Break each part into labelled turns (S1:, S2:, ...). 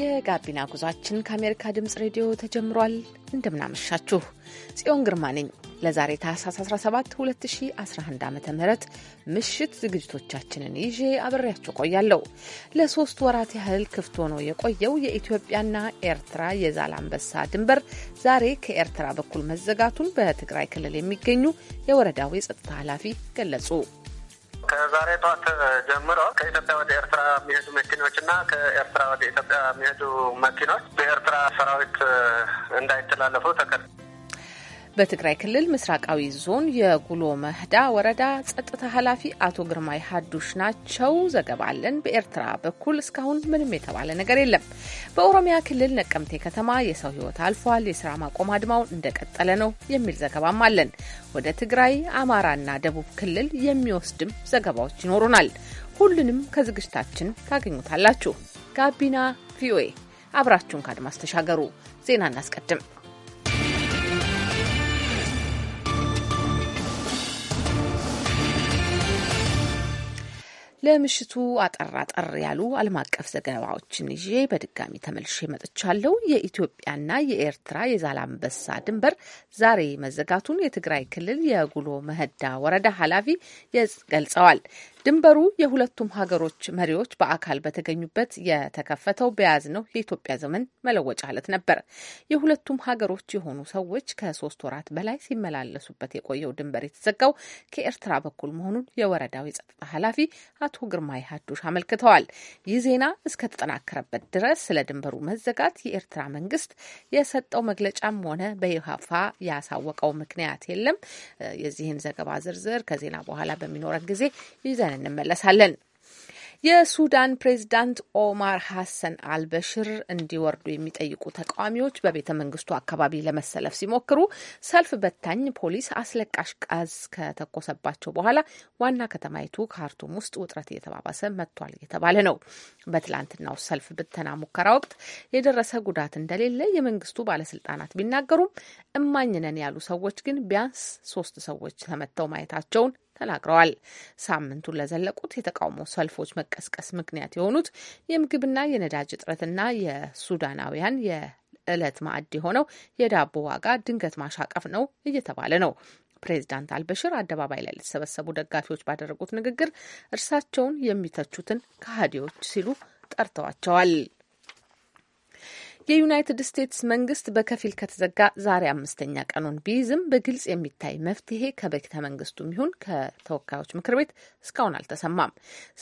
S1: የጋቢና ጉዟችን ከአሜሪካ ድምጽ ሬዲዮ ተጀምሯል። እንደምናመሻችሁ ጽዮን ግርማ ነኝ። ለዛሬ ታህሳስ 17 2011 ዓ ም ምሽት ዝግጅቶቻችንን ይዤ አብሬያቸው ቆያለሁ። ለሶስት ወራት ያህል ክፍት ሆኖ የቆየው የኢትዮጵያና ኤርትራ የዛላንበሳ ድንበር ዛሬ ከኤርትራ በኩል መዘጋቱን በትግራይ ክልል የሚገኙ የወረዳው የጸጥታ ኃላፊ ገለጹ።
S2: ከዛሬ ጠዋት ጀምሮ ከኢትዮጵያ ወደ ኤርትራ የሚሄዱ መኪኖች እና ከኤርትራ ወደ ኢትዮጵያ የሚሄዱ መኪኖች በኤርትራ ሰራዊት እንዳይተላለፉ ተከ
S1: በትግራይ ክልል ምስራቃዊ ዞን የጉሎ መህዳ ወረዳ ጸጥታ ኃላፊ አቶ ግርማይ ሀዱሽ ናቸው። ዘገባ አለን። በኤርትራ በኩል እስካሁን ምንም የተባለ ነገር የለም። በኦሮሚያ ክልል ነቀምቴ ከተማ የሰው ህይወት አልፏል። የስራ ማቆም አድማው እንደቀጠለ ነው የሚል ዘገባም አለን። ወደ ትግራይ፣ አማራና ደቡብ ክልል የሚወስድም ዘገባዎች ይኖሩናል። ሁሉንም ከዝግጅታችን ታገኙታላችሁ። ጋቢና ቪኦኤ አብራችሁን ካድማስ ተሻገሩ። ዜና እናስቀድም። ለምሽቱ አጠር አጠር ያሉ ዓለም አቀፍ ዘገባዎችን ይዤ በድጋሚ ተመልሼ መጥቻለሁ። የኢትዮጵያና የኤርትራ አንበሳ ድንበር ዛሬ መዘጋቱን የትግራይ ክልል የጉሎ መህዳ ወረዳ ኃላፊ ገልጸዋል። ድንበሩ የሁለቱም ሀገሮች መሪዎች በአካል በተገኙበት የተከፈተው በያዝነው የኢትዮጵያ ዘመን መለወጫ ዕለት ነበር። የሁለቱም ሀገሮች የሆኑ ሰዎች ከሶስት ወራት በላይ ሲመላለሱበት የቆየው ድንበር የተዘጋው ከኤርትራ በኩል መሆኑን የወረዳው የጸጥታ ኃላፊ አቶ ግርማይ ሀዱሽ አመልክተዋል። ይህ ዜና እስከተጠናከረበት ድረስ ስለ ድንበሩ መዘጋት የኤርትራ መንግስት የሰጠው መግለጫም ሆነ በይፋ ያሳወቀው ምክንያት የለም። የዚህን ዘገባ ዝርዝር ከዜና በኋላ በሚኖረን ጊዜ ይዘ ይዘን እንመለሳለን። የሱዳን ፕሬዝዳንት ኦማር ሀሰን አልበሽር እንዲወርዱ የሚጠይቁ ተቃዋሚዎች በቤተ መንግስቱ አካባቢ ለመሰለፍ ሲሞክሩ ሰልፍ በታኝ ፖሊስ አስለቃሽ ጋዝ ከተኮሰባቸው በኋላ ዋና ከተማይቱ ካርቱም ውስጥ ውጥረት እየተባባሰ መጥቷል እየተባለ ነው። በትላንትናው ሰልፍ ብተና ሙከራ ወቅት የደረሰ ጉዳት እንደሌለ የመንግስቱ ባለስልጣናት ቢናገሩም እማኝነን ያሉ ሰዎች ግን ቢያንስ ሶስት ሰዎች ተመተው ማየታቸውን ተናግረዋል። ሳምንቱን ለዘለቁት የተቃውሞ ሰልፎች መቀስቀስ ምክንያት የሆኑት የምግብና የነዳጅ እጥረትና የሱዳናውያን የዕለት ማዕድ የሆነው የዳቦ ዋጋ ድንገት ማሻቀፍ ነው እየተባለ ነው። ፕሬዚዳንት አልበሽር አደባባይ ላይ ለተሰበሰቡ ደጋፊዎች ባደረጉት ንግግር እርሳቸውን የሚተቹትን ከሃዲዎች ሲሉ ጠርተዋቸዋል። የዩናይትድ ስቴትስ መንግስት በከፊል ከተዘጋ ዛሬ አምስተኛ ቀኑን ቢይዝም በግልጽ የሚታይ መፍትሄ ከቤተ መንግስቱም ይሁን ከተወካዮች ምክር ቤት እስካሁን አልተሰማም።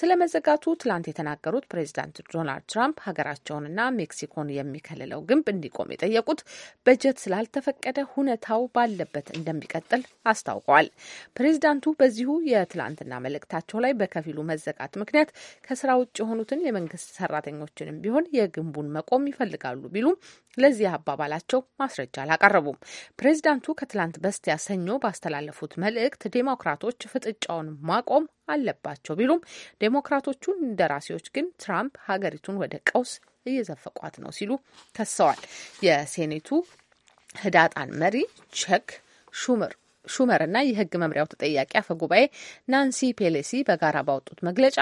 S1: ስለ መዘጋቱ ትላንት የተናገሩት ፕሬዚዳንት ዶናልድ ትራምፕ ሀገራቸውንና ሜክሲኮን የሚከልለው ግንብ እንዲቆም የጠየቁት በጀት ስላልተፈቀደ ሁኔታው ባለበት እንደሚቀጥል አስታውቀዋል። ፕሬዚዳንቱ በዚሁ የትላንትና መልእክታቸው ላይ በከፊሉ መዘጋት ምክንያት ከስራ ውጭ የሆኑትን የመንግስት ሰራተኞችንም ቢሆን የግንቡን መቆም ይፈልጋሉ ቢሉም ለዚህ አባባላቸው ማስረጃ አላቀረቡም። ፕሬዚዳንቱ ከትላንት በስቲያ ሰኞ ባስተላለፉት መልእክት ዴሞክራቶች ፍጥጫውን ማቆም አለባቸው ቢሉም ዴሞክራቶቹ እንደራሴዎች ግን ትራምፕ ሀገሪቱን ወደ ቀውስ እየዘፈቋት ነው ሲሉ ከሰዋል። የሴኔቱ ህዳጣን መሪ ቸክ ሹምር ሹመርና የህግ መምሪያው ተጠያቂ አፈ ጉባኤ ናንሲ ፔሌሲ በጋራ ባወጡት መግለጫ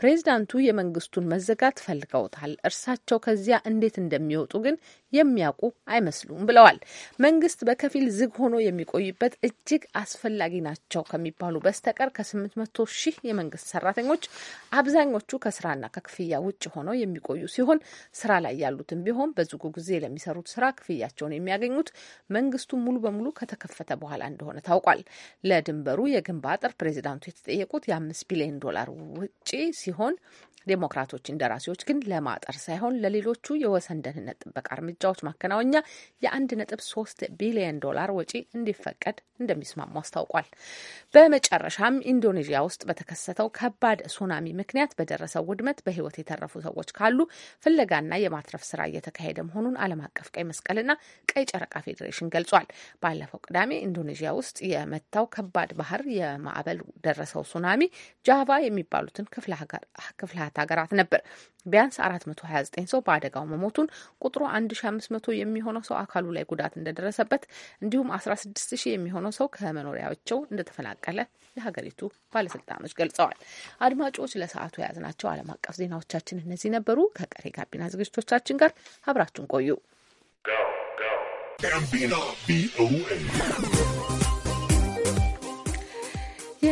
S1: ፕሬዚዳንቱ የመንግስቱን መዘጋት ፈልገውታል። እርሳቸው ከዚያ እንዴት እንደሚወጡ ግን የሚያውቁ አይመስሉም ብለዋል። መንግስት በከፊል ዝግ ሆኖ የሚቆይበት እጅግ አስፈላጊ ናቸው ከሚባሉ በስተቀር ከ800 ሺህ የመንግስት ሰራተኞች አብዛኞቹ ከስራና ከክፍያ ውጭ ሆነው የሚቆዩ ሲሆን ስራ ላይ ያሉትም ቢሆን በዝጉ ጊዜ ለሚሰሩት ስራ ክፍያቸውን የሚያገኙት መንግስቱ ሙሉ በሙሉ ከተከፈተ በኋላ እንደሆነ ታውቋል። ለድንበሩ የግንብ አጥር ፕሬዚዳንቱ የተጠየቁት የአምስት ቢሊዮን ዶላር ውጪ ሲሆን ዴሞክራቶች እንደራሴዎች ግን ለማጠር ሳይሆን ለሌሎቹ የወሰን ደህንነት ጥበቃ እርምጃዎች ማከናወኛ የአንድ ነጥብ ሶስት ቢሊዮን ዶላር ወጪ እንዲፈቀድ እንደሚስማሙ አስታውቋል። በመጨረሻም ኢንዶኔዥያ ውስጥ በተከሰተው ከባድ ሱናሚ ምክንያት በደረሰው ውድመት በህይወት የተረፉ ሰዎች ካሉ ፍለጋና የማትረፍ ስራ እየተካሄደ መሆኑን ዓለም አቀፍ ቀይ መስቀልና ቀይ ጨረቃ ፌዴሬሽን ገልጿል። ባለፈው ቅዳሜ ኢንዶኔዥያ ውስጥ ውስጥ የመታው ከባድ ባህር የማዕበል ደረሰው ሱናሚ ጃቫ የሚባሉትን ክፍላት ሀገራት ነበር። ቢያንስ 429 ሰው በአደጋው መሞቱን፣ ቁጥሩ 1500 የሚሆነው ሰው አካሉ ላይ ጉዳት እንደደረሰበት እንዲሁም 16000 የሚሆነው ሰው ከመኖሪያቸው እንደተፈናቀለ የሀገሪቱ ባለስልጣኖች ገልጸዋል። አድማጮች ለሰዓቱ የያዝናቸው ዓለም አቀፍ ዜናዎቻችን እነዚህ ነበሩ። ከቀሪ ጋቢና ዝግጅቶቻችን ጋር አብራችሁን ቆዩ።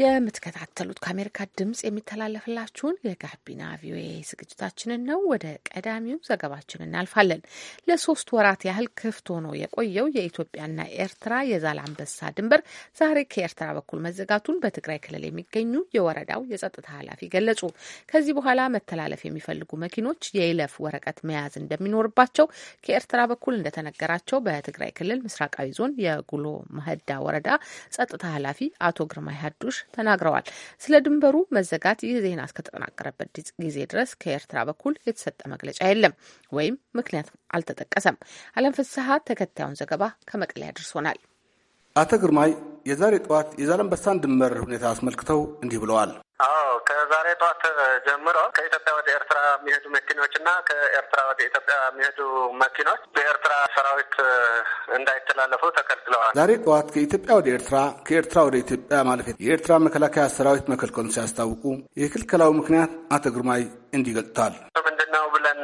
S1: የምትከታተሉት ከአሜሪካ ድምጽ የሚተላለፍላችሁን የጋቢና ቪኦኤ ዝግጅታችንን ነው። ወደ ቀዳሚው ዘገባችን እናልፋለን። ለሶስት ወራት ያህል ክፍት ሆኖ የቆየው የኢትዮጵያና ኤርትራ የዛላንበሳ ድንበር ዛሬ ከኤርትራ በኩል መዘጋቱን በትግራይ ክልል የሚገኙ የወረዳው የጸጥታ ኃላፊ ገለጹ። ከዚህ በኋላ መተላለፍ የሚፈልጉ መኪኖች የይለፍ ወረቀት መያዝ እንደሚኖርባቸው ከኤርትራ በኩል እንደተነገራቸው በትግራይ ክልል ምስራቃዊ ዞን የጉሎ መህዳ ወረዳ ጸጥታ ኃላፊ አቶ ግርማ ሀዱሽ ተናግረዋል። ስለ ድንበሩ መዘጋት ይህ ዜና እስከተጠናቀረበት ጊዜ ድረስ ከኤርትራ በኩል የተሰጠ መግለጫ የለም ወይም ምክንያት አልተጠቀሰም። አለም ፍስሀ ተከታዩን ዘገባ ከመቀሌ አድርሶናል።
S3: አቶ ግርማይ የዛሬ ጠዋት የዛላምበሳን ድንበር ሁኔታ አስመልክተው እንዲህ ብለዋል።
S2: አዎ ከዛሬ ጠዋት ጀምሮ ከኢትዮጵያ ወደ ኤርትራ የሚሄዱ መኪኖች እና ከኤርትራ ወደ ኢትዮጵያ የሚሄዱ መኪኖች በኤርትራ ሰራዊት እንዳይተላለፉ ተከልክለዋል።
S3: ዛሬ ጠዋት ከኢትዮጵያ ወደ ኤርትራ፣ ከኤርትራ ወደ ኢትዮጵያ ማለፍ የኤርትራ መከላከያ ሰራዊት መከልከሉን ሲያስታውቁ የክልከላው ምክንያት አቶ ግርማይ እንዲህ ገልጥታል። ምንድን ነው ብለን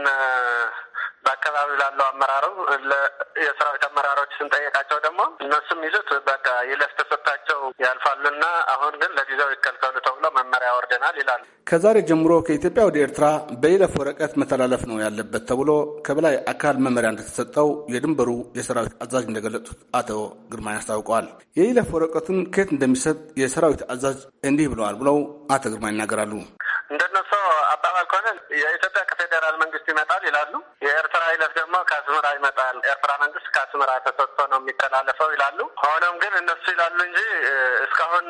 S3: በአካባቢው ላለው
S2: አመራሩ የሰራዊት አመራሮች ስንጠየቃቸው ደግሞ እነሱም ይዙት በቃ ይለፍ ተሰጥታቸው ያልፋሉና አሁን ግን ለጊዜው ይከልከሉ ተብሎ መመሪያ ወርደናል
S3: ይላሉ። ከዛሬ ጀምሮ ከኢትዮጵያ ወደ ኤርትራ በይለፍ ወረቀት መተላለፍ ነው ያለበት ተብሎ ከበላይ አካል መመሪያ እንደተሰጠው የድንበሩ የሰራዊት አዛዥ እንደገለጹት አቶ ግርማ ያስታውቀዋል። የይለፍ ወረቀቱን ከየት እንደሚሰጥ የሰራዊት አዛዥ እንዲህ ብለዋል ብለው አቶ ግርማ ይናገራሉ። እንደነሱ አባባል ከሆነ
S2: የኢትዮጵያ ከፌዴራል መንግስት ይመጣል ይላሉ የኤርትራ የኤርትራ ኃይሎች ደግሞ ከአስመራ ይመጣል፣ ኤርትራ መንግስት ከአስመራ ተሰጥቶ ነው የሚተላለፈው ይላሉ። ሆኖም ግን እነሱ ይላሉ እንጂ እስካሁን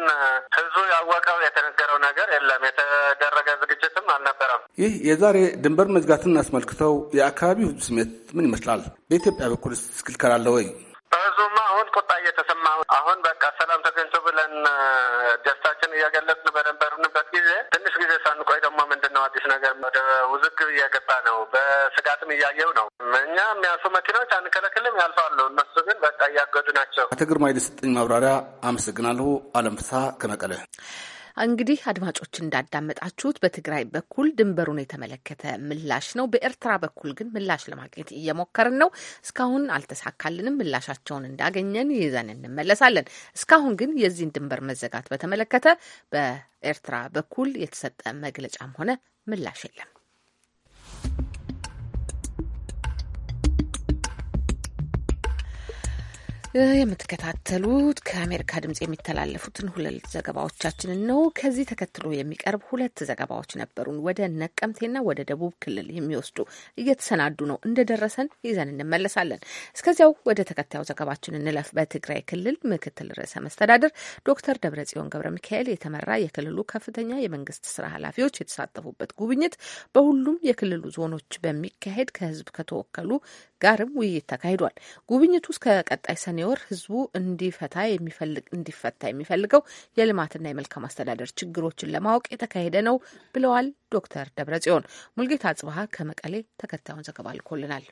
S2: ህዝቡ ያወቀው የተነገረው ነገር የለም። የተደረገ
S3: ዝግጅትም አልነበረም። ይህ የዛሬ ድንበር መዝጋትን አስመልክተው የአካባቢው ህዝብ ስሜት ምን ይመስላል? በኢትዮጵያ በኩል እስክልከላለ ወይ
S2: በህዝቡማ አሁን ቁጣ እየተሰማ አሁን በቃ ሰላም ተገኝቶ ብለን ደስታችን እያገለጽን በነበርንበት ጊዜ ትንሽ ጊዜ ሳንቆይ ደግሞ ምንድን ነው አዲስ ነገር ወደ ውዝግብ እየገባ ነው። በስጋትም እያየው ነው። እኛ የሚያልፉ መኪናዎች አንከለክልም፣ ያልፋሉ። እነሱ ግን በቃ እያገዱ ናቸው።
S3: አቶ ግርማ ይልስጥኝ ማብራሪያ አመሰግናለሁ። አለም ፍስሀ ከመቀለ
S1: እንግዲህ አድማጮች እንዳዳመጣችሁት በትግራይ በኩል ድንበሩን የተመለከተ ምላሽ ነው። በኤርትራ በኩል ግን ምላሽ ለማግኘት እየሞከርን ነው። እስካሁን አልተሳካልንም። ምላሻቸውን እንዳገኘን ይዘን እንመለሳለን። እስካሁን ግን የዚህን ድንበር መዘጋት በተመለከተ በኤርትራ በኩል የተሰጠ መግለጫም ሆነ ምላሽ የለም። የምትከታተሉት ከአሜሪካ ድምጽ የሚተላለፉትን ሁለት ዘገባዎቻችንን ነው። ከዚህ ተከትሎ የሚቀርብ ሁለት ዘገባዎች ነበሩን። ወደ ነቀምቴና ወደ ደቡብ ክልል የሚወስዱ እየተሰናዱ ነው። እንደደረሰን ይዘን እንመለሳለን። እስከዚያው ወደ ተከታዩ ዘገባችን እንለፍ። በትግራይ ክልል ምክትል ርዕሰ መስተዳድር ዶክተር ደብረጽዮን ገብረ ሚካኤል የተመራ የክልሉ ከፍተኛ የመንግስት ስራ ኃላፊዎች የተሳተፉበት ጉብኝት በሁሉም የክልሉ ዞኖች በሚካሄድ ከህዝብ ከተወከሉ ጋርም ውይይት ተካሂዷል። ጉብኝቱ እስከ ቀጣይ ሰኔ ሰኔ ወር ህዝቡ እንዲፈታ የሚፈልግ እንዲፈታ የሚፈልገው የልማትና የመልካም አስተዳደር ችግሮችን ለማወቅ የተካሄደ ነው ብለዋል ዶክተር ደብረጽዮን ሙልጌታ አጽብሀ ከመቀሌ ተከታዩን ዘገባ ልኮልናል።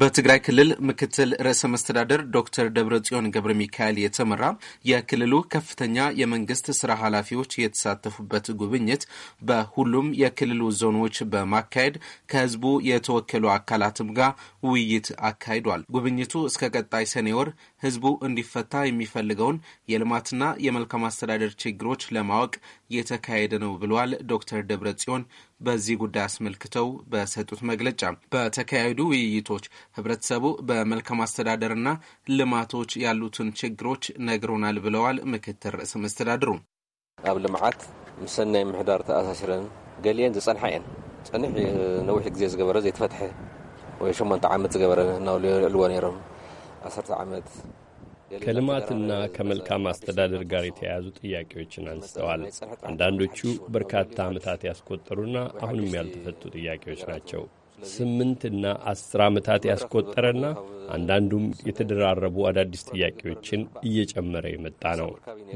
S4: በትግራይ ክልል ምክትል ርዕሰ መስተዳደር ዶክተር ደብረጽዮን ገብረ ሚካኤል የተመራ የክልሉ ከፍተኛ የመንግስት ስራ ኃላፊዎች የተሳተፉበት ጉብኝት በሁሉም የክልሉ ዞኖች በማካሄድ ከህዝቡ የተወከሉ አካላትም ጋር ውይይት አካሂዷል። ጉብኝቱ እስከ ቀጣይ ሰኔ ወር ህዝቡ እንዲፈታ የሚፈልገውን የልማትና የመልካም አስተዳደር ችግሮች ለማወቅ እየተካሄደ ነው ብለዋል። ዶክተር ደብረ ጽዮን በዚህ ጉዳይ አስመልክተው በሰጡት መግለጫ በተካሄዱ ውይይቶች ህብረተሰቡ በመልካም አስተዳደርና ልማቶች ያሉትን ችግሮች ነግሮናል ብለዋል። ምክትል ርእሰ መስተዳድሩ ኣብ ልምዓት ምሰናይ ምሕዳር ተኣሳሲረን ገሊአን ዝፀንሐ እየን ፀኒሕ ነዊሕ ግዜ ዝገበረ ዘይተፈትሐ ወይ ሸመንተ ዓመት ዝገበረ እናብልዎ ነይሮም ዓሰርተ ዓመት ከልማትና
S5: ከመልካም አስተዳደር ጋር የተያያዙ ጥያቄዎችን አንስተዋል። አንዳንዶቹ በርካታ ዓመታት ያስቆጠሩና አሁንም ያልተፈቱ ጥያቄዎች ናቸው። ስምንትና አስር ዓመታት ያስቆጠረና አንዳንዱም የተደራረቡ አዳዲስ ጥያቄዎችን እየጨመረ የመጣ ነው።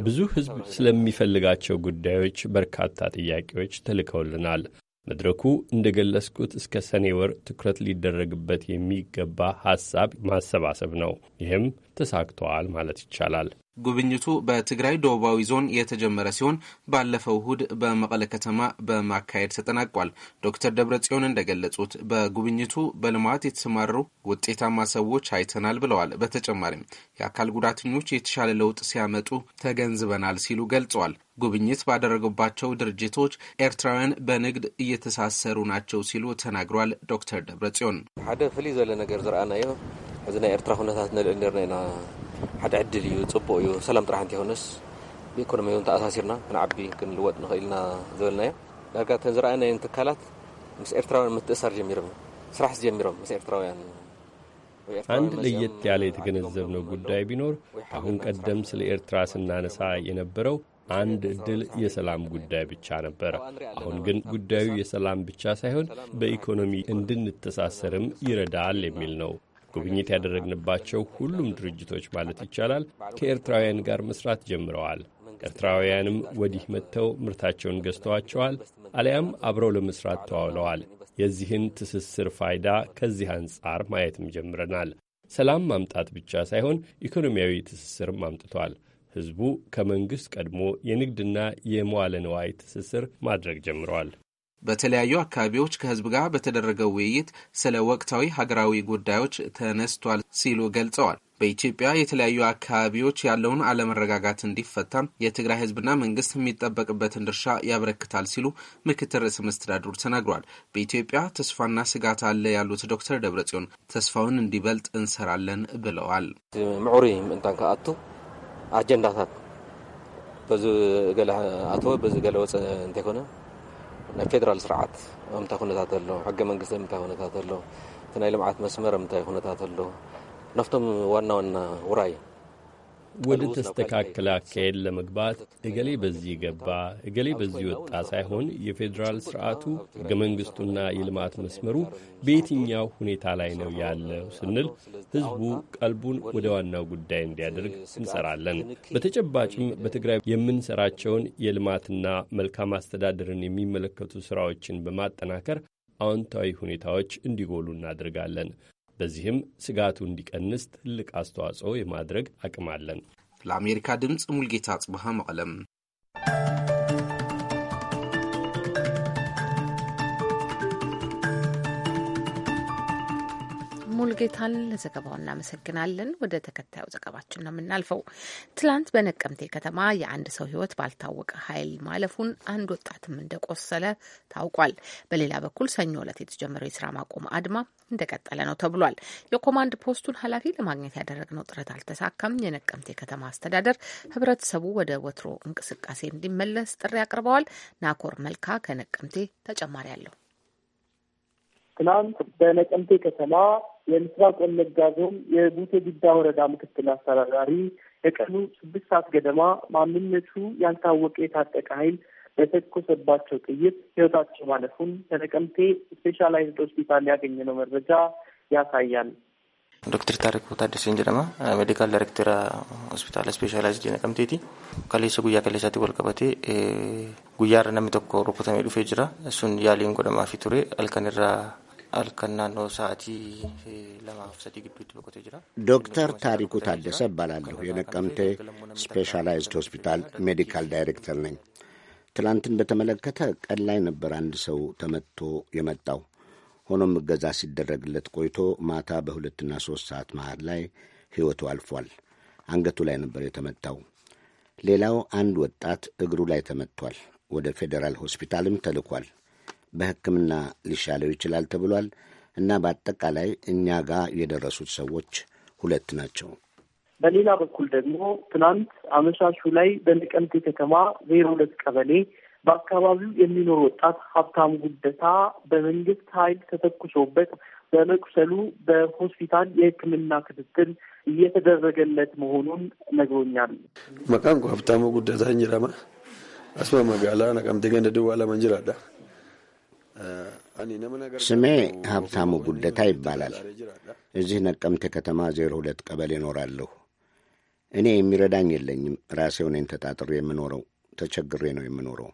S5: ብዙ ሕዝብ ስለሚፈልጋቸው ጉዳዮች በርካታ ጥያቄዎች ተልከውልናል። መድረኩ እንደ ገለጽኩት እስከ ሰኔ ወር ትኩረት ሊደረግበት የሚገባ ሐሳብ ማሰባሰብ ነው። ይህም ተሳክተዋል ማለት ይቻላል።
S4: ጉብኝቱ በትግራይ ደቡባዊ ዞን የተጀመረ ሲሆን ባለፈው እሁድ በመቀለ ከተማ በማካሄድ ተጠናቋል። ዶክተር ደብረጽዮን እንደገለጹት በጉብኝቱ በልማት የተሰማሩ ውጤታማ ሰዎች አይተናል ብለዋል። በተጨማሪም የአካል ጉዳተኞች የተሻለ ለውጥ ሲያመጡ ተገንዝበናል ሲሉ ገልጸዋል። ጉብኝት ባደረጉባቸው ድርጅቶች ኤርትራውያን በንግድ እየተሳሰሩ ናቸው ሲሉ ተናግሯል። ዶክተር ደብረጽዮን ሓደ ፍልይ ዘለ ነገር ዝረአናዮ እዚ ናይ ኤርትራ ኩነታት ንርኢ ነርና ኢና ሓደ ዕድል እዩ ፅቡቅ እዩ ሰላም ጥራሕ እንተይኮነስ ብኢኮኖሚ እውን ተኣሳሲርና ክንዓቢ ክንልወጥ ንኽእል ኢልና ዝበልናዮ ዳርጋ እተን ዝረኣየናየን ትካላት ምስ ኤርትራውያን ምትእሳር ጀሚሮም ስራሕ ዝጀሚሮም ምስ ኤርትራውያን አንድ ለየት
S5: ያለ የተገነዘብነው ጉዳይ ቢኖር አሁን ቀደም ስለ ኤርትራ ስናነሳ የነበረው አንድ እድል የሰላም ጉዳይ ብቻ ነበረ። አሁን ግን ጉዳዩ የሰላም ብቻ ሳይሆን በኢኮኖሚ እንድንተሳሰርም ይረዳል የሚል ነው። ጉብኝት ያደረግንባቸው ሁሉም ድርጅቶች ማለት ይቻላል ከኤርትራውያን ጋር መስራት ጀምረዋል። ኤርትራውያንም ወዲህ መጥተው ምርታቸውን ገዝተዋቸዋል፣ አሊያም አብረው ለመስራት ተዋውለዋል። የዚህን ትስስር ፋይዳ ከዚህ አንጻር ማየትም ጀምረናል። ሰላም ማምጣት ብቻ ሳይሆን ኢኮኖሚያዊ ትስስርም አምጥቷል። ሕዝቡ ከመንግሥት ቀድሞ የንግድና የመዋለ ንዋይ ትስስር ማድረግ ጀምረዋል። በተለያዩ አካባቢዎች ከህዝብ ጋር በተደረገው ውይይት ስለ
S4: ወቅታዊ ሀገራዊ ጉዳዮች ተነስቷል ሲሉ ገልጸዋል። በኢትዮጵያ የተለያዩ አካባቢዎች ያለውን አለመረጋጋት እንዲፈታም የትግራይ ህዝብና መንግስት የሚጠበቅበትን ድርሻ ያበረክታል ሲሉ ምክትል ርዕሰ መስተዳድሩ ተናግሯል። በኢትዮጵያ ተስፋና ስጋት አለ ያሉት ዶክተር ደብረጽዮን ተስፋውን እንዲበልጥ እንሰራለን ብለዋል። ምዑሪ ምእንታን ከኣቱ አጀንዳታት በዚ ገለ አቶ በዚ ገለ ወፀ እንተይኮነ ናይ ፌደራል ስርዓት ምንታይ ኩነታት ኣሎ ሕገ መንግስቲ ምንታይ ኩነታት ኣሎ
S5: እቲ ናይ ልምዓት መስመር ምንታይ ኩነታት ኣሎ ናፍቶም ዋና ዋና ውራይ ወደ ተስተካከለ አካሄድ ለመግባት እገሌ በዚህ ገባ እገሌ በዚህ ወጣ ሳይሆን የፌዴራል ስርዓቱ ሕገ መንግሥቱና የልማት መስመሩ በየትኛው ሁኔታ ላይ ነው ያለው ስንል ሕዝቡ ቀልቡን ወደ ዋናው ጉዳይ እንዲያደርግ እንሰራለን። በተጨባጭም በትግራይ የምንሰራቸውን የልማትና መልካም አስተዳደርን የሚመለከቱ ስራዎችን በማጠናከር አዎንታዊ ሁኔታዎች እንዲጎሉ እናደርጋለን። በዚህም ስጋቱ እንዲቀንስ ትልቅ አስተዋጽኦ የማድረግ አቅም አለን። ለአሜሪካ ድምፅ ሙልጌታ ጽብሃ መቀለም
S1: ሙልጌታን ለዘገባው እናመሰግናለን። ወደ ተከታዩ ዘገባችን ነው የምናልፈው። ትላንት በነቀምቴ ከተማ የአንድ ሰው ሕይወት ባልታወቀ ኃይል ማለፉን አንድ ወጣትም እንደቆሰለ ታውቋል። በሌላ በኩል ሰኞ ዕለት የተጀመረው የስራ ማቆም አድማ እንደቀጠለ ነው ተብሏል። የኮማንድ ፖስቱን ኃላፊ ለማግኘት ያደረግነው ጥረት አልተሳካም። የነቀምቴ ከተማ አስተዳደር ህብረተሰቡ ወደ ወትሮ እንቅስቃሴ እንዲመለስ ጥሪ አቅርበዋል። ናኮር መልካ ከነቀምቴ ተጨማሪ አለው።
S6: ትናንት በነቀምቴ ከተማ የምስራቅ ወለጋ ዞን የቡቴ ጊዳ ወረዳ ምክትል አስተዳዳሪ የቀኑ ስድስት ሰዓት ገደማ ማንነቱ ያልታወቀ የታጠቀ ኃይል በተኮሰባቸው ጥይት ህይወታቸው ማለፉን ከነቀምቴ ስፔሻላይዝድ ሆስፒታል ያገኘነው መረጃ ያሳያል።
S2: ዶክተር ታሪክ ታደሰ እንጀለማ ሜዲካል ዳይሬክተር ሆስፒታል ስፔሻላይዝድ ነቀምቴቲ ከሌሰ ጉያ ከሌሳቲ ወልቀበቴ ጉያረ ነሚ ቶኮ ሩኩተሜ ዱፌ ጅራ እሱን ያሊን ጎደማፊ ቱሬ አልከንራ
S7: ዶክተር ታሪኩ ታደሰ እባላለሁ። የነቀምቴ ስፔሻላይዝድ ሆስፒታል ሜዲካል ዳይሬክተር ነኝ። ትላንትን በተመለከተ ቀን ላይ ነበር አንድ ሰው ተመትቶ የመጣው። ሆኖም እገዛ ሲደረግለት ቆይቶ ማታ በሁለትና ሦስት ሰዓት መሃል ላይ ሕይወቱ አልፏል። አንገቱ ላይ ነበር የተመታው። ሌላው አንድ ወጣት እግሩ ላይ ተመቷል። ወደ ፌዴራል ሆስፒታልም ተልኳል። በሕክምና ሊሻለው ይችላል ተብሏል እና በአጠቃላይ እኛ ጋር የደረሱት ሰዎች ሁለት ናቸው።
S6: በሌላ በኩል ደግሞ ትናንት አመሻሹ ላይ በነቀምቴ ከተማ ዜሮ ሁለት ቀበሌ በአካባቢው የሚኖር ወጣት ሀብታም ጉደታ በመንግስት ኃይል ተተኩሶበት በመቁሰሉ በሆስፒታል የሕክምና ክትትል እየተደረገለት መሆኑን ነግሮኛል።
S2: መቃንኩ ሀብታሙ ጉደታ እንጅረማ አስማ መጋላ ነቀምቴ ገንደድዋ ድዋላ
S7: ስሜ ሀብታሙ ጉደታ ይባላል። እዚህ ነቀምቴ ከተማ ዜሮ ሁለት ቀበሌ እኖራለሁ። እኔ የሚረዳኝ የለኝም። ራሴው ነኝ ተጣጥሬ የምኖረው። ተቸግሬ ነው የምኖረው።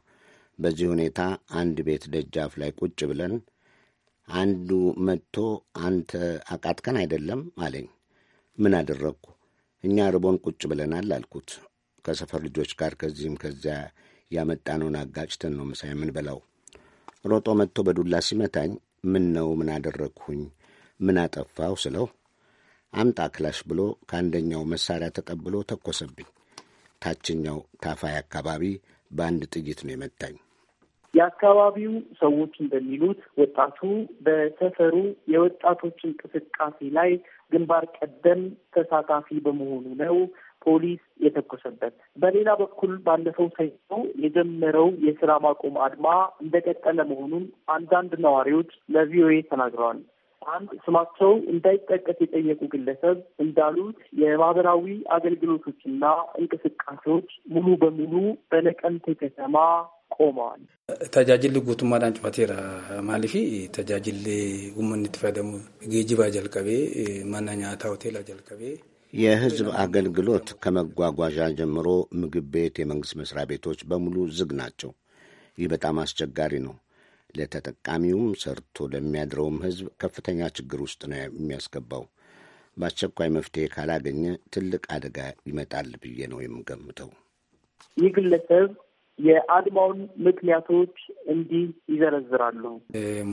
S7: በዚህ ሁኔታ አንድ ቤት ደጃፍ ላይ ቁጭ ብለን አንዱ መጥቶ አንተ አቃጥከን አይደለም አለኝ። ምን አደረግኩ? እኛ ርቦን ቁጭ ብለናል አልኩት። ከሰፈር ልጆች ጋር ከዚህም ከዚያ ያመጣነውን አጋጭተን ነው ምሳ የምንበላው። ሮጦ መጥቶ በዱላ ሲመታኝ ምን ነው ምን አደረግሁኝ ምን አጠፋው ስለው አምጣ ክላሽ ብሎ ከአንደኛው መሳሪያ ተቀብሎ ተኮሰብኝ። ታችኛው ታፋይ አካባቢ በአንድ ጥይት ነው የመታኝ።
S6: የአካባቢው ሰዎች እንደሚሉት ወጣቱ በሰፈሩ የወጣቶች እንቅስቃሴ ላይ ግንባር ቀደም ተሳታፊ በመሆኑ ነው ፖሊስ የተኮሰበት። በሌላ በኩል ባለፈው ሰኞ የጀመረው የስራ ማቆም አድማ እንደቀጠለ መሆኑን አንዳንድ ነዋሪዎች ለቪኦኤ ተናግረዋል። አንድ ስማቸው እንዳይጠቀስ የጠየቁ ግለሰብ እንዳሉት የማህበራዊ አገልግሎቶችና እንቅስቃሴዎች ሙሉ በሙሉ በነቀምቴ ከተማ ቆመዋል።
S3: ተጃጅል ጉቱማዳን ጭመቴራ ማልፊ ተጃጅል ውመንት ጌጅባ ጀልቀቤ ማናኛታ ሆቴላ ጀልቀቤ
S7: የህዝብ አገልግሎት ከመጓጓዣ ጀምሮ ምግብ ቤት፣ የመንግሥት መሥሪያ ቤቶች በሙሉ ዝግ ናቸው። ይህ በጣም አስቸጋሪ ነው። ለተጠቃሚውም ሰርቶ ለሚያድረውም ህዝብ ከፍተኛ ችግር ውስጥ ነው የሚያስገባው። በአስቸኳይ መፍትሄ ካላገኘ ትልቅ አደጋ ይመጣል ብዬ ነው የምገምተው።
S6: ይህ ግለሰብ የአድማውን ምክንያቶች እንዲህ ይዘረዝራሉ።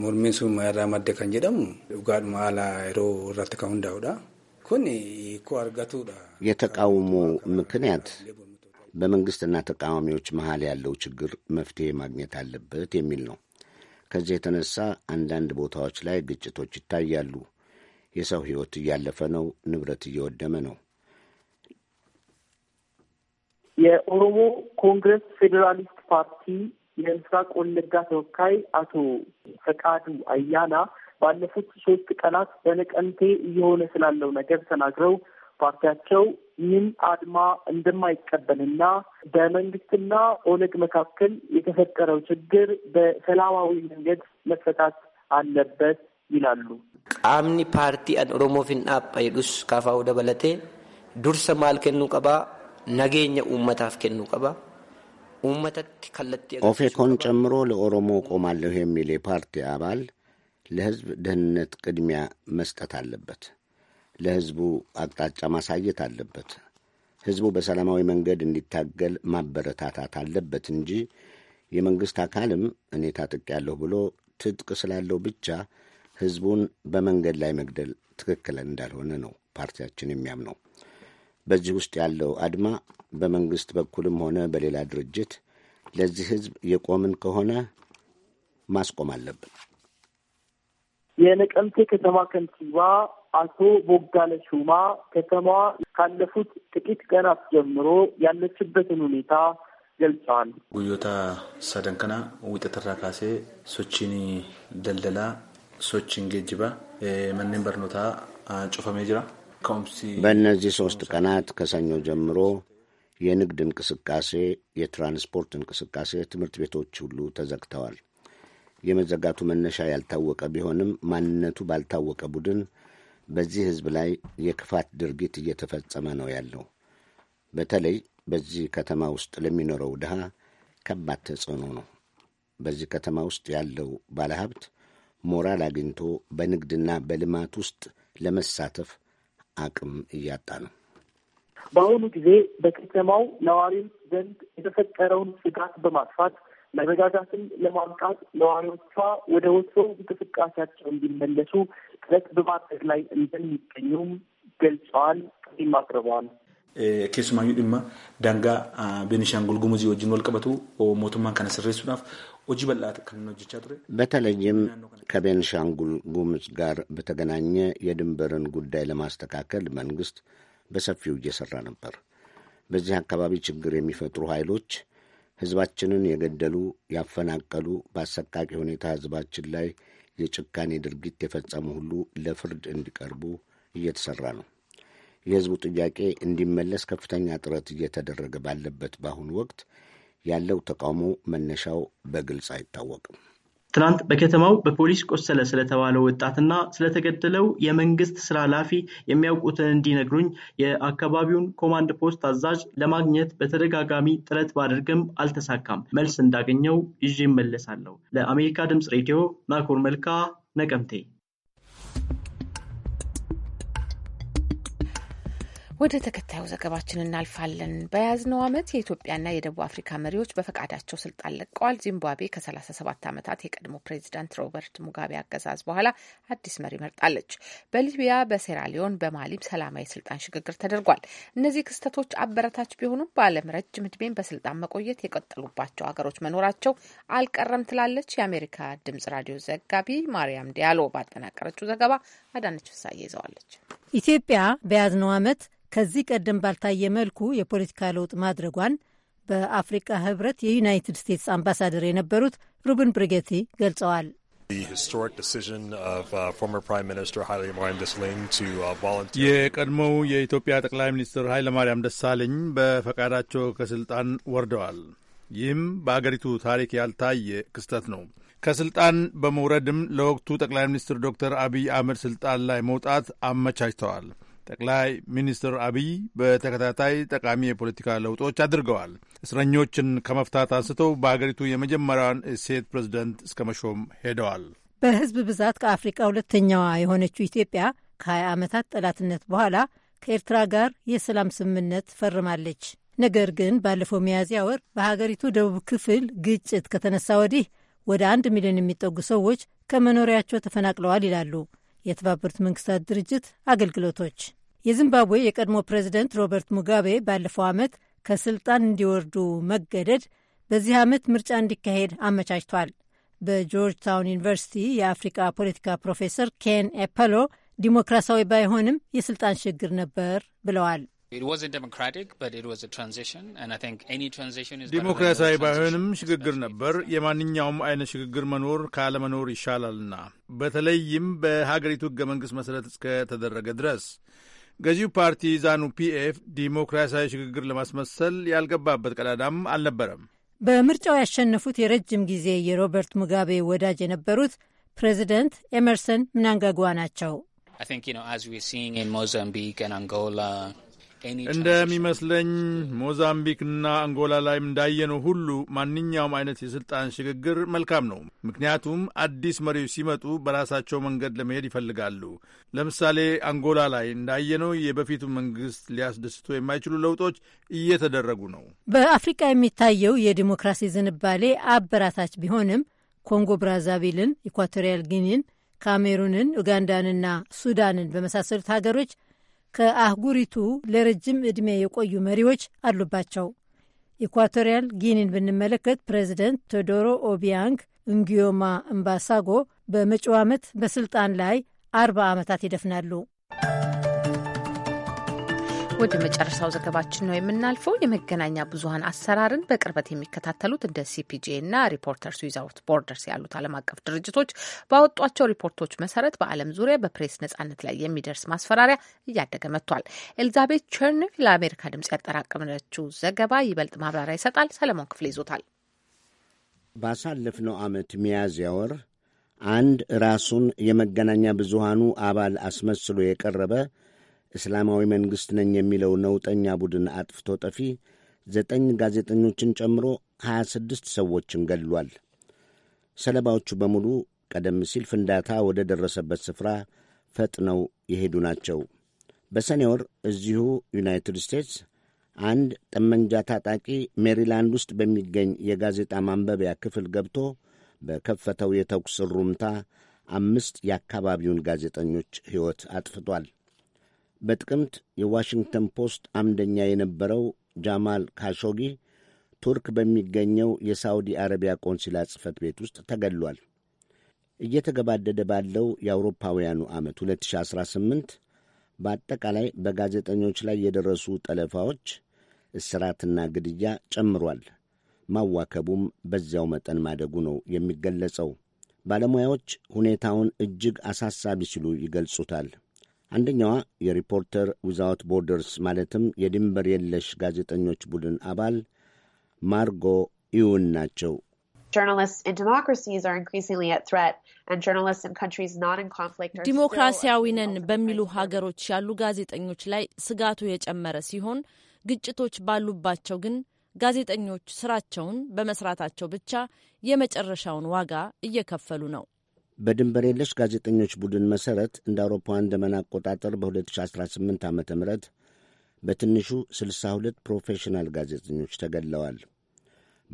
S3: ሙርሚሱ መራ ማደካን ጀደሙ ዱጋድማ ላ ሮ ራትከሁንዳውዳ
S7: የተቃውሞ ምክንያት በመንግሥትና ተቃዋሚዎች መሃል ያለው ችግር መፍትሄ ማግኘት አለበት የሚል ነው። ከዚህ የተነሳ አንዳንድ ቦታዎች ላይ ግጭቶች ይታያሉ። የሰው ሕይወት እያለፈ ነው፣ ንብረት እየወደመ ነው።
S6: የኦሮሞ ኮንግረስ ፌዴራሊስት ፓርቲ የምስራቅ ወለጋ ተወካይ አቶ ፈቃዱ አያና ባለፉት ሶስት ቀናት በንቀንቴ እየሆነ ስላለው ነገር ተናግረው ፓርቲያቸው ይህን አድማ እንደማይቀበልና በመንግስትና ኦነግ መካከል የተፈጠረው ችግር በሰላማዊ መንገድ መፈታት አለበት ይላሉ።
S7: ቃምኒ ፓርቲ አን ኦሮሞ ፊንአጳ የዱስ ካፋው ደበለቴ ዱርሰ ማል ከኑ ቀባ ነገኘ ኡመታፍ ከኑ ቀባ ኡመተት ከለት ኦፌኮን ጨምሮ ለኦሮሞ ቆማለሁ የሚል የፓርቲ አባል ለሕዝብ ደህንነት ቅድሚያ መስጠት አለበት። ለሕዝቡ አቅጣጫ ማሳየት አለበት። ሕዝቡ በሰላማዊ መንገድ እንዲታገል ማበረታታት አለበት እንጂ የመንግሥት አካልም እኔ ታጥቄያለሁ ብሎ ትጥቅ ስላለው ብቻ ሕዝቡን በመንገድ ላይ መግደል ትክክል እንዳልሆነ ነው ፓርቲያችን የሚያምነው። በዚህ ውስጥ ያለው አድማ በመንግሥት በኩልም ሆነ በሌላ ድርጅት ለዚህ ሕዝብ የቆምን ከሆነ ማስቆም አለብን።
S6: የነቀምቴ ከተማ ከንቲባ አቶ ቦጋለ ሹማ ከተማዋ ካለፉት ጥቂት ቀናት ጀምሮ ያለችበትን ሁኔታ ገልጸዋል።
S3: ጉዮታ ሰደንከና ውጥትራ ካሴ ሶቺኒ ደልደላ ሶቺን ጌጅባ መኔን በርኖታ ጩፈሜ ጅራ በእነዚህ
S7: ሶስት ቀናት ከሰኞ ጀምሮ የንግድ እንቅስቃሴ፣ የትራንስፖርት እንቅስቃሴ፣ ትምህርት ቤቶች ሁሉ ተዘግተዋል። የመዘጋቱ መነሻ ያልታወቀ ቢሆንም ማንነቱ ባልታወቀ ቡድን በዚህ ሕዝብ ላይ የክፋት ድርጊት እየተፈጸመ ነው ያለው። በተለይ በዚህ ከተማ ውስጥ ለሚኖረው ድሃ ከባድ ተጽዕኖ ነው። በዚህ ከተማ ውስጥ ያለው ባለሀብት ሞራል አግኝቶ በንግድና በልማት ውስጥ ለመሳተፍ አቅም እያጣ ነው።
S6: በአሁኑ ጊዜ በከተማው ነዋሪ ዘንድ የተፈጠረውን ስጋት በማጥፋት መረጋጋትን ለማምጣት ነዋሪዎቿ ወደ ወትሮ እንቅስቃሴያቸው እንዲመለሱ ጥረት በማድረግ ላይ እንደሚገኙም ገልጸዋል። ቅም አቅርበዋል።
S3: ኬሱማኙ ድማ ዳንጋ ቤኒሻንጉል ጉሙዚ ወጅን ወልቀበቱ ሞቱማን ከነስሬሱዳፍ ወጅ በላት ከኖጅቻ ቱሬ
S7: በተለይም ከቤኒሻንጉል ጉሙዝ ጋር በተገናኘ የድንበርን ጉዳይ ለማስተካከል መንግስት በሰፊው እየሰራ ነበር። በዚህ አካባቢ ችግር የሚፈጥሩ ኃይሎች ሕዝባችንን የገደሉ ያፈናቀሉ፣ በአሰቃቂ ሁኔታ ሕዝባችን ላይ የጭካኔ ድርጊት የፈጸሙ ሁሉ ለፍርድ እንዲቀርቡ እየተሠራ ነው። የሕዝቡ ጥያቄ እንዲመለስ ከፍተኛ ጥረት እየተደረገ ባለበት በአሁኑ ወቅት ያለው ተቃውሞ መነሻው በግልጽ አይታወቅም።
S4: ትናንት በከተማው በፖሊስ ቆሰለ ስለተባለው ወጣትና ስለተገደለው የመንግስት ስራ ኃላፊ የሚያውቁትን እንዲነግሩኝ የአካባቢውን ኮማንድ ፖስት አዛዥ ለማግኘት በተደጋጋሚ ጥረት ባደርግም አልተሳካም። መልስ እንዳገኘው ይዤ እመለሳለሁ። ለአሜሪካ ድምፅ ሬዲዮ ናኮር መልካ ነቀምቴ
S1: ወደ ተከታዩ ዘገባችን እናልፋለን። በያዝነው ዓመት የኢትዮጵያና የደቡብ አፍሪካ መሪዎች በፈቃዳቸው ስልጣን ለቀዋል። ዚምባብዌ ከ37 ዓመታት የቀድሞ ፕሬዚዳንት ሮበርት ሙጋቤ አገዛዝ በኋላ አዲስ መሪ መርጣለች። በሊቢያ በሴራሊዮን በማሊም ሰላማዊ ስልጣን ሽግግር ተደርጓል። እነዚህ ክስተቶች አበረታች ቢሆኑም በዓለም ረጅም እድሜን በስልጣን መቆየት የቀጠሉባቸው ሀገሮች መኖራቸው አልቀረም ትላለች የአሜሪካ ድምጽ ራዲዮ ዘጋቢ ማርያም ዲያሎ ባጠናቀረችው ዘገባ አዳነች ፍሳዬ ይዘዋለች።
S8: ኢትዮጵያ በያዝነው ዓመት ከዚህ ቀደም ባልታየ መልኩ የፖለቲካ ለውጥ ማድረጓን በአፍሪቃ ህብረት የዩናይትድ ስቴትስ አምባሳደር የነበሩት ሩብን ብርጌቲ ገልጸዋል።
S9: uh, uh, የቀድሞው የኢትዮጵያ ጠቅላይ ሚኒስትር ኃይለማርያም ደሳለኝ በፈቃዳቸው ከስልጣን ወርደዋል። ይህም በአገሪቱ ታሪክ ያልታየ ክስተት ነው። ከስልጣን በመውረድም ለወቅቱ ጠቅላይ ሚኒስትር ዶክተር አብይ አህመድ ስልጣን ላይ መውጣት አመቻችተዋል። ጠቅላይ ሚኒስትር አብይ በተከታታይ ጠቃሚ የፖለቲካ ለውጦች አድርገዋል። እስረኞችን ከመፍታት አንስቶ በሀገሪቱ የመጀመሪያውን ሴት ፕሬዝደንት እስከ መሾም ሄደዋል።
S8: በህዝብ ብዛት ከአፍሪቃ ሁለተኛዋ የሆነችው ኢትዮጵያ ከ20 ዓመታት ጠላትነት በኋላ ከኤርትራ ጋር የሰላም ስምምነት ፈርማለች። ነገር ግን ባለፈው ሚያዝያ ወር በሀገሪቱ ደቡብ ክፍል ግጭት ከተነሳ ወዲህ ወደ አንድ ሚሊዮን የሚጠጉ ሰዎች ከመኖሪያቸው ተፈናቅለዋል ይላሉ የተባበሩት መንግስታት ድርጅት አገልግሎቶች። የዚምባብዌ የቀድሞ ፕሬዚደንት ሮበርት ሙጋቤ ባለፈው ዓመት ከስልጣን እንዲወርዱ መገደድ በዚህ ዓመት ምርጫ እንዲካሄድ አመቻችቷል። በጆርጅ ታውን ዩኒቨርሲቲ የአፍሪካ ፖለቲካ ፕሮፌሰር ኬን ኤፐሎ ዲሞክራሲያዊ ባይሆንም የስልጣን ሽግግር ነበር ብለዋል።
S3: ዲሞክራሲያዊ ባይሆንም
S9: ሽግግር ነበር። የማንኛውም አይነት ሽግግር መኖር ካለመኖር ይሻላልና፣ በተለይም በሀገሪቱ ህገ መንግስት መሰረት እስከተደረገ ድረስ ገዢው ፓርቲ ዛኑ ፒኤፍ ዲሞክራሲያዊ ሽግግር ለማስመሰል ያልገባበት ቀዳዳም አልነበረም።
S8: በምርጫው ያሸነፉት የረጅም ጊዜ የሮበርት ሙጋቤ ወዳጅ የነበሩት ፕሬዚደንት ኤመርሰን ምናንጋጓ ናቸው።
S9: እንደሚመስለኝ ሞዛምቢክና አንጎላ ላይም እንዳየነው ሁሉ ማንኛውም አይነት የስልጣን ሽግግር መልካም ነው። ምክንያቱም አዲስ መሪዎች ሲመጡ በራሳቸው መንገድ ለመሄድ ይፈልጋሉ። ለምሳሌ አንጎላ ላይ እንዳየነው የበፊቱ መንግስት ሊያስደስቶ የማይችሉ ለውጦች እየተደረጉ ነው።
S8: በአፍሪቃ የሚታየው የዲሞክራሲ ዝንባሌ አበራታች ቢሆንም ኮንጎ ብራዛቪልን፣ ኢኳቶሪያል ጊኒን፣ ካሜሩንን፣ ኡጋንዳንና ሱዳንን በመሳሰሉት ሀገሮች ከአህጉሪቱ ለረጅም ዕድሜ የቆዩ መሪዎች አሉባቸው። ኢኳቶሪያል ጊኒን ብንመለከት ፕሬዚደንት ቴዶሮ ኦቢያንግ እንጊዮማ እምባሳጎ በመጪው ዓመት በስልጣን ላይ አርባ ዓመታት ይደፍናሉ። ወደ
S1: መጨረሻው ዘገባችን ነው የምናልፈው። የመገናኛ ብዙኃን አሰራርን በቅርበት የሚከታተሉት እንደ ሲፒጄ እና ሪፖርተርስ ዊዛውት ቦርደርስ ያሉት ዓለም አቀፍ ድርጅቶች ባወጧቸው ሪፖርቶች መሰረት በዓለም ዙሪያ በፕሬስ ነጻነት ላይ የሚደርስ ማስፈራሪያ እያደገ መጥቷል። ኤልዛቤት ቸርን ለአሜሪካ ድምጽ ያጠራቀመችው ዘገባ ይበልጥ ማብራሪያ ይሰጣል። ሰለሞን ክፍል ይዞታል።
S7: ባሳለፍነው ዓመት ሚያዝያ ወር አንድ ራሱን የመገናኛ ብዙሃኑ አባል አስመስሎ የቀረበ እስላማዊ መንግሥት ነኝ የሚለው ነውጠኛ ቡድን አጥፍቶ ጠፊ ዘጠኝ ጋዜጠኞችን ጨምሮ 26 ሰዎችን ገድሏል። ሰለባዎቹ በሙሉ ቀደም ሲል ፍንዳታ ወደ ደረሰበት ስፍራ ፈጥነው የሄዱ ናቸው። በሰኔ ወር እዚሁ ዩናይትድ ስቴትስ አንድ ጠመንጃ ታጣቂ ሜሪላንድ ውስጥ በሚገኝ የጋዜጣ ማንበቢያ ክፍል ገብቶ በከፈተው የተኩስ ሩምታ አምስት የአካባቢውን ጋዜጠኞች ሕይወት አጥፍቷል። በጥቅምት የዋሽንግተን ፖስት አምደኛ የነበረው ጃማል ካሾጊ ቱርክ በሚገኘው የሳውዲ አረቢያ ቆንሲላ ጽሕፈት ቤት ውስጥ ተገድሏል። እየተገባደደ ባለው የአውሮፓውያኑ ዓመት 2018 በአጠቃላይ በጋዜጠኞች ላይ የደረሱ ጠለፋዎች፣ እስራትና ግድያ ጨምሯል። ማዋከቡም በዚያው መጠን ማደጉ ነው የሚገለጸው። ባለሙያዎች ሁኔታውን እጅግ አሳሳቢ ሲሉ ይገልጹታል። አንደኛዋ የሪፖርተር ዊዛውት ቦርደርስ ማለትም የድንበር የለሽ ጋዜጠኞች ቡድን አባል ማርጎ ኢውን ናቸው።
S2: ዲሞክራሲያዊ
S8: ነን በሚሉ ሀገሮች ያሉ ጋዜጠኞች ላይ ስጋቱ የጨመረ ሲሆን ግጭቶች ባሉባቸው ግን ጋዜጠኞች ስራቸውን በመስራታቸው ብቻ የመጨረሻውን ዋጋ እየከፈሉ ነው።
S7: በድንበር የለሽ ጋዜጠኞች ቡድን መሠረት እንደ አውሮፓውያን ዘመን አቆጣጠር በ2018 ዓ ም በትንሹ 62 ፕሮፌሽናል ጋዜጠኞች ተገድለዋል።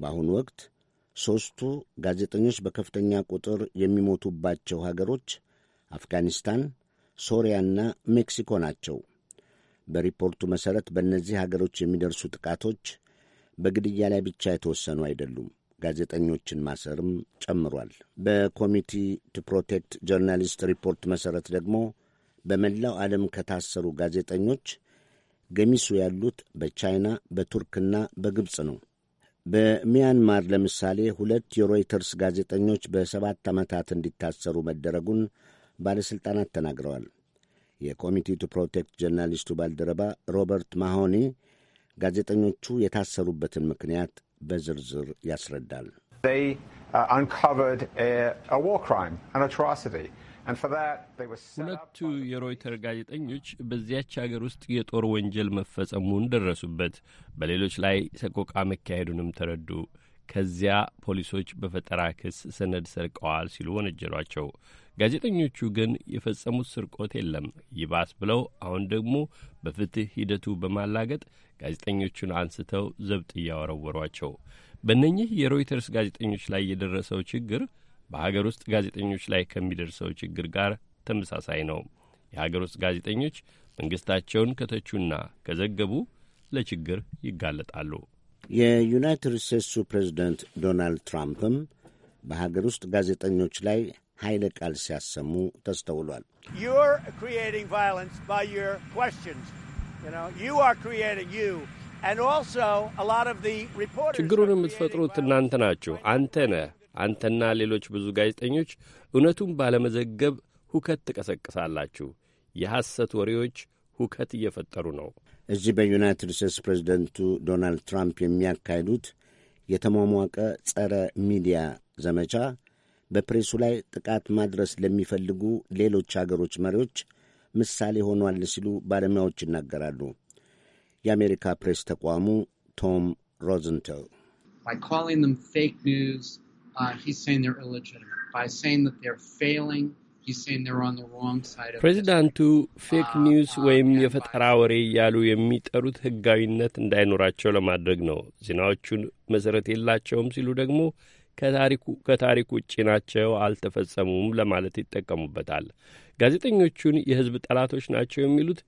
S7: በአሁኑ ወቅት ሦስቱ ጋዜጠኞች በከፍተኛ ቁጥር የሚሞቱባቸው ሀገሮች አፍጋኒስታን፣ ሶሪያና ሜክሲኮ ናቸው። በሪፖርቱ መሠረት በእነዚህ ሀገሮች የሚደርሱ ጥቃቶች በግድያ ላይ ብቻ የተወሰኑ አይደሉም። ጋዜጠኞችን ማሰርም ጨምሯል። በኮሚቲ ቱ ፕሮቴክት ጆርናሊስት ሪፖርት መሠረት ደግሞ በመላው ዓለም ከታሰሩ ጋዜጠኞች ገሚሱ ያሉት በቻይና በቱርክና በግብፅ ነው። በሚያንማር ለምሳሌ ሁለት የሮይተርስ ጋዜጠኞች በሰባት ዓመታት እንዲታሰሩ መደረጉን ባለሥልጣናት ተናግረዋል። የኮሚቲ ቱ ፕሮቴክት ጀርናሊስቱ ባልደረባ ሮበርት ማሆኒ ጋዜጠኞቹ የታሰሩበትን ምክንያት በዝርዝር ያስረዳል።
S2: uh, ሁለቱ
S5: የሮይተር ጋዜጠኞች በዚያች አገር ውስጥ የጦር ወንጀል መፈጸሙን ደረሱበት። በሌሎች ላይ ሰቆቃ መካሄዱንም ተረዱ። ከዚያ ፖሊሶች በፈጠራ ክስ ሰነድ ሰርቀዋል ሲሉ ወነጀሏቸው። ጋዜጠኞቹ ግን የፈጸሙት ስርቆት የለም። ይባስ ብለው አሁን ደግሞ በፍትህ ሂደቱ በማላገጥ ጋዜጠኞቹን አንስተው ዘብጥ እያወረወሯቸው። በእነኚህ የሮይተርስ ጋዜጠኞች ላይ የደረሰው ችግር በሀገር ውስጥ ጋዜጠኞች ላይ ከሚደርሰው ችግር ጋር ተመሳሳይ ነው። የሀገር ውስጥ ጋዜጠኞች መንግስታቸውን ከተቹና ከዘገቡ ለችግር ይጋለጣሉ።
S7: የዩናይትድ ስቴትሱ ፕሬዚደንት ዶናልድ ትራምፕም በሀገር ውስጥ ጋዜጠኞች ላይ ኃይለ ቃል ሲያሰሙ ተስተውሏል።
S5: ችግሩን የምትፈጥሩት እናንተ ናችሁ። አንተ ነህ። አንተና ሌሎች ብዙ ጋዜጠኞች እውነቱን ባለመዘገብ ሁከት ትቀሰቅሳላችሁ። የሐሰት ወሬዎች ሁከት እየፈጠሩ ነው።
S7: እዚህ በዩናይትድ ስቴትስ ፕሬዚደንቱ ዶናልድ ትራምፕ የሚያካሂዱት የተሟሟቀ ጸረ ሚዲያ ዘመቻ በፕሬሱ ላይ ጥቃት ማድረስ ለሚፈልጉ ሌሎች አገሮች መሪዎች ምሳሌ ሆኗል ሲሉ ባለሙያዎች ይናገራሉ። የአሜሪካ ፕሬስ ተቋሙ ቶም ሮዘንተል
S4: uh,
S7: ፕሬዚዳንቱ
S5: ፌክ uh, ኒውስ uh, ወይም የፈጠራ ወሬ እያሉ የሚጠሩት ሕጋዊነት እንዳይኖራቸው ለማድረግ ነው። ዜናዎቹን መሠረት የላቸውም ሲሉ ደግሞ ከታሪክ ውጭ ናቸው፣ አልተፈጸሙም ለማለት ይጠቀሙበታል። ጋዜጠኞቹን የሕዝብ ጠላቶች ናቸው የሚሉት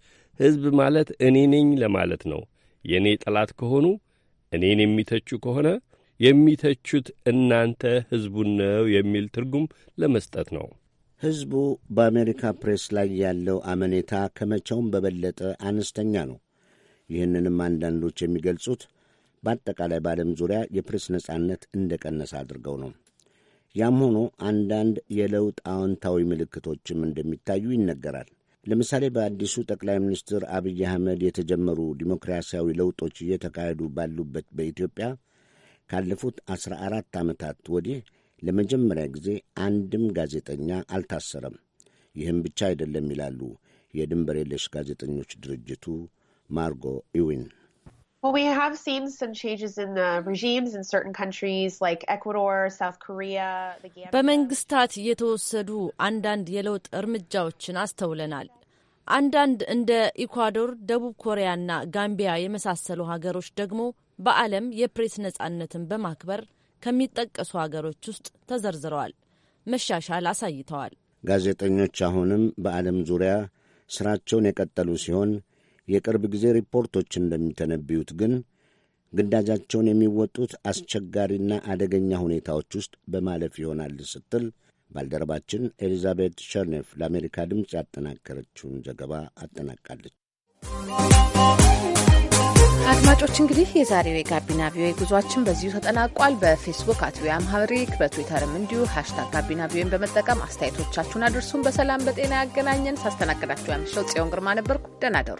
S5: ሕዝብ ማለት እኔ ነኝ ለማለት ነው። የእኔ ጠላት ከሆኑ እኔን የሚተቹ ከሆነ የሚተቹት እናንተ ሕዝቡን ነው የሚል ትርጉም ለመስጠት ነው።
S7: ሕዝቡ በአሜሪካ ፕሬስ ላይ ያለው አመኔታ ከመቼውም በበለጠ አነስተኛ ነው። ይህንንም አንዳንዶች የሚገልጹት በአጠቃላይ በዓለም ዙሪያ የፕሬስ ነጻነት እንደቀነሰ አድርገው ነው። ያም ሆኖ አንዳንድ የለውጥ አዎንታዊ ምልክቶችም እንደሚታዩ ይነገራል። ለምሳሌ በአዲሱ ጠቅላይ ሚኒስትር አብይ አህመድ የተጀመሩ ዲሞክራሲያዊ ለውጦች እየተካሄዱ ባሉበት በኢትዮጵያ ካለፉት አስራ አራት ዓመታት ወዲህ ለመጀመሪያ ጊዜ አንድም ጋዜጠኛ አልታሰረም። ይህም ብቻ አይደለም ይላሉ የድንበር የለሽ ጋዜጠኞች ድርጅቱ ማርጎ ኢዊን Well, we
S2: have seen some changes in the regimes in certain countries like Ecuador, South Korea,
S8: the Gambia. በመንግስታት የተወሰዱ አንዳንድ የለውጥ እርምጃዎችን አስተውለናል። አንዳንድ እንደ ኢኳዶር፣ ደቡብ ኮሪያና ጋምቢያ የመሳሰሉ ሀገሮች ደግሞ በዓለም የፕሬስ ነጻነትን በማክበር ከሚጠቀሱ ሀገሮች ውስጥ ተዘርዝረዋል፣ መሻሻል አሳይተዋል።
S7: ጋዜጠኞች አሁንም በዓለም ዙሪያ ስራቸውን የቀጠሉ ሲሆን የቅርብ ጊዜ ሪፖርቶች እንደሚተነብዩት ግን ግዳጃቸውን የሚወጡት አስቸጋሪና አደገኛ ሁኔታዎች ውስጥ በማለፍ ይሆናል ስትል ባልደረባችን ኤሊዛቤት ሸርኔፍ ለአሜሪካ ድምፅ ያጠናከረችውን ዘገባ አጠናቃለች።
S1: አድማጮች እንግዲህ የዛሬው የጋቢና ቪኦኤ ጉዟችን በዚሁ ተጠናቋል። በፌስቡክ አት ቪኦኤ አምሃሪክ በትዊተርም እንዲሁ ሀሽታግ ጋቢና ቪኦኤን በመጠቀም አስተያየቶቻችሁን አድርሱን። በሰላም በጤና ያገናኘን። ሳስተናግዳችሁ ያመሸው ጽዮን ግርማ ነበርኩ። ደህና ደሩ።